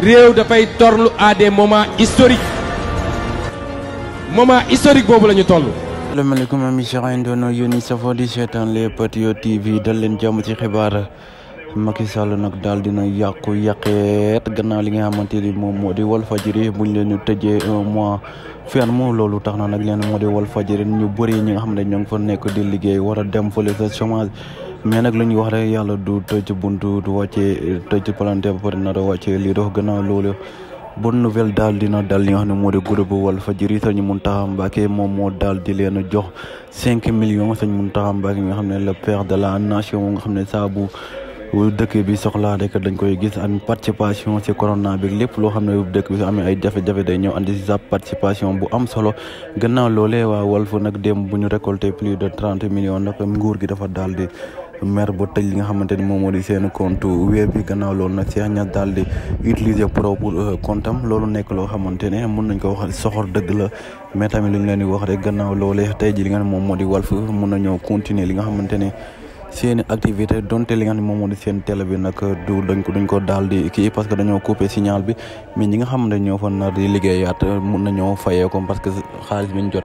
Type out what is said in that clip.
réew dafay torlu à des moments historiques moment historique boobu la ñu toll. asalaamaaleykum ami cher internaute yéen ñi safoo di seetaan les Patriotes TV dal leen jàmm ci xibaar Macky Sall nag daal dina yàqu yàqeet gannaaw li nga xamante ni moom moo di wal Walfadjri buñ leen ñu tëjee un mois. ferme loolu tax na nag leen moo di wal Walfadjri ñu bari ñi nga xam ne ñoo ngi fa nekk di liggéey war a dem fële sa chômage. mais nag lu ñuy wax rek yàlla du tëj buntu du wàccee tëj palante ba pare nar a wàccee lii dox gannaaw loolu bonne nouvelle daal dina dal li nga xam ne moo di groupe Walfadjri Serigne Mountakha Mbacké moom moo daal di leen jox cinq million Serigne Mountakha Mbacké mi nga xam ne le père de la nation moo nga xam ne saa bu dëkk bi soxlaa rek dañ koy gis an participation ci corona bi lépp loo xam ne dëkk bi su amee ay jafe-jafe day ñëw andi si sa participation bu am solo gannaaw loolee waa Walf nag dem bu ñu récolté plus de trente millions nag nguur gi dafa daal di maire ba tëj li nga xamante ni moom moo di seen compte weer bi gannaaw loolu nag euh, nañ ko wax soxor dëgg la mais tamit lu ñu di wax rek gannaaw loolee tey ji moom moo di Walf mun nañoo continuer li nga xamante ne seeni activité donte li nga xam ne moom moo di seen télé bi nag du ko duñ ko daal di kii parce que dañoo coupé signal bi mais ñi nga xam ne ñoo mun nañoo fayee ko parce que xaalis bi